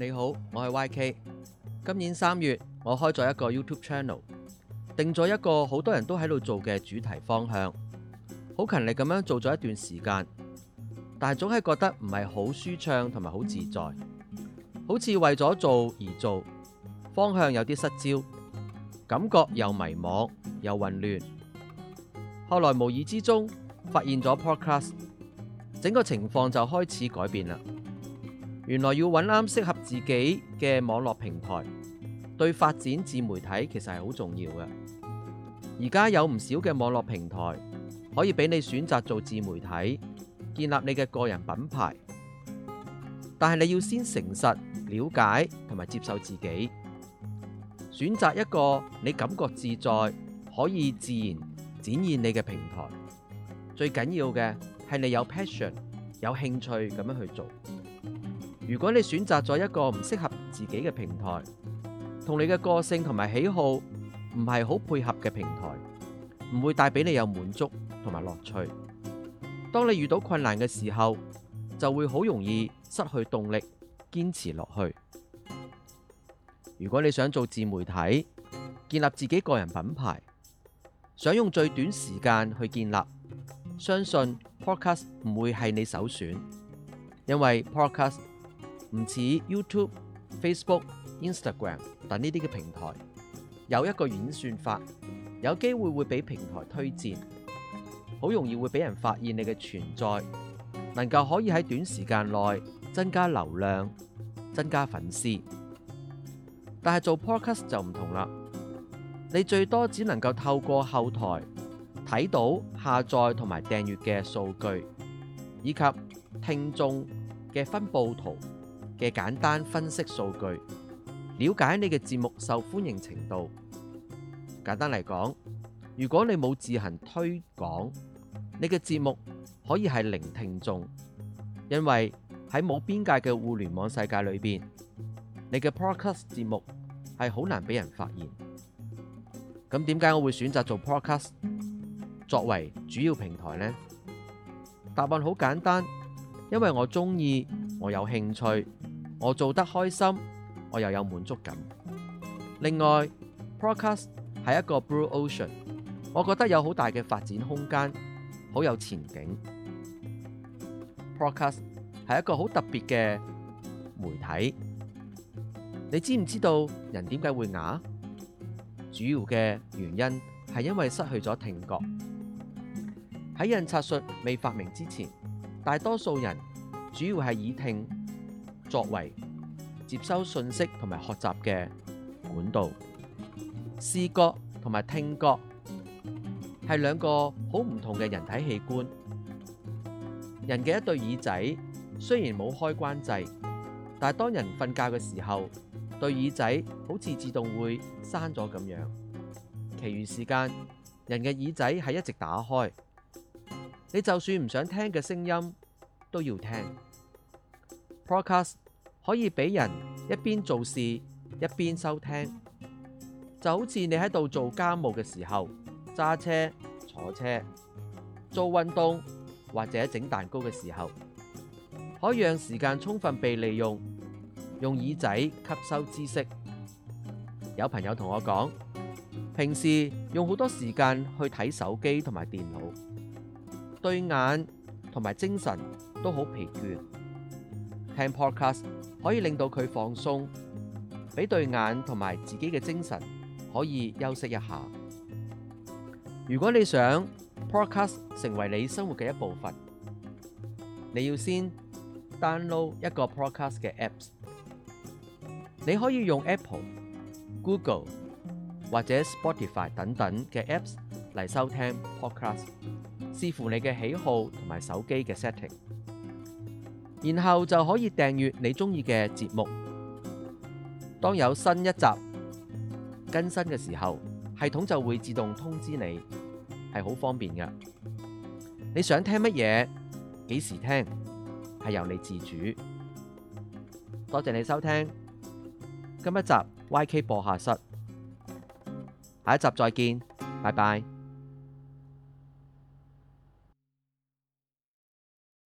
你好，我係 YK。今年三月，我開咗一個 YouTube channel，定咗一個好多人都喺度做嘅主題方向，好勤力咁樣做咗一段時間，但係總係覺得唔係好舒暢同埋好自在，好似為咗做而做，方向有啲失焦，感覺又迷茫又混亂。後來無意之中發現咗 Podcast，整個情況就開始改變啦。原來要揾啱適合自己嘅網絡平台，對發展自媒體其實係好重要嘅。而家有唔少嘅網絡平台可以俾你選擇做自媒體，建立你嘅個人品牌。但係你要先誠實、了解同埋接受自己，選擇一個你感覺自在、可以自然展現你嘅平台。最緊要嘅係你有 passion、有興趣咁樣去做。如果你選擇咗一個唔適合自己嘅平台，同你嘅個性同埋喜好唔係好配合嘅平台，唔會帶俾你有滿足同埋樂趣。當你遇到困難嘅時候，就會好容易失去動力，堅持落去。如果你想做自媒體，建立自己個人品牌，想用最短時間去建立，相信 Podcast 唔會係你首選，因為 Podcast。唔似 YouTube、Facebook、Instagram 等呢啲嘅平台，有一個演算法，有機會會俾平台推薦，好容易會俾人發現你嘅存在，能夠可以喺短時間內增加流量、增加粉絲。但係做 Podcast 就唔同啦，你最多只能夠透過後台睇到下載同埋訂閱嘅數據，以及聽眾嘅分佈圖嘅簡單分析數據，了解你嘅節目受歡迎程度。簡單嚟講，如果你冇自行推廣，你嘅節目可以係零聽眾，因為喺冇邊界嘅互聯網世界裏邊，你嘅 podcast 節目係好難俾人發現。咁點解我會選擇做 podcast 作為主要平台呢？答案好簡單。因為我中意，我有興趣，我做得開心，我又有滿足感。另外，Podcast 係一個 Blue Ocean，我覺得有好大嘅發展空間，好有前景。Podcast 係一個好特別嘅媒體。你知唔知道人點解會啞？主要嘅原因係因為失去咗聽覺。喺印刷術未發明之前，大多數人主要係以聽作為接收信息同埋學習嘅管道，視覺同埋聽覺係兩個好唔同嘅人體器官。人嘅一對耳仔雖然冇開關掣，但當人瞓覺嘅時候，對耳仔好似自動會閂咗咁樣。其餘時間，人嘅耳仔係一直打開。你就算唔想聽嘅聲音都要聽。Podcast 可以俾人一邊做事一邊收聽，就好似你喺度做家務嘅時候，揸車、坐車、做運動或者整蛋糕嘅時候，可以讓時間充分被利用，用耳仔吸收知識。有朋友同我講，平時用好多時間去睇手機同埋電腦。對眼同埋精神都好疲倦，聽 podcast 可以令到佢放鬆，俾對眼同埋自己嘅精神可以休息一下。如果你想 podcast 成為你生活嘅一部分，你要先 download 一個 podcast 嘅 apps。你可以用 Apple、Google 或者 Spotify 等等嘅 apps 嚟收聽 podcast。視乎你嘅喜好同埋手機嘅 setting，然後就可以訂閱你鍾意嘅節目。當有新一集更新嘅時候，系統就會自動通知你，係好方便嘅。你想聽乜嘢？幾時聽？係由你自主。多謝你收聽，今一集 YK 播客室，下一集再見，拜拜。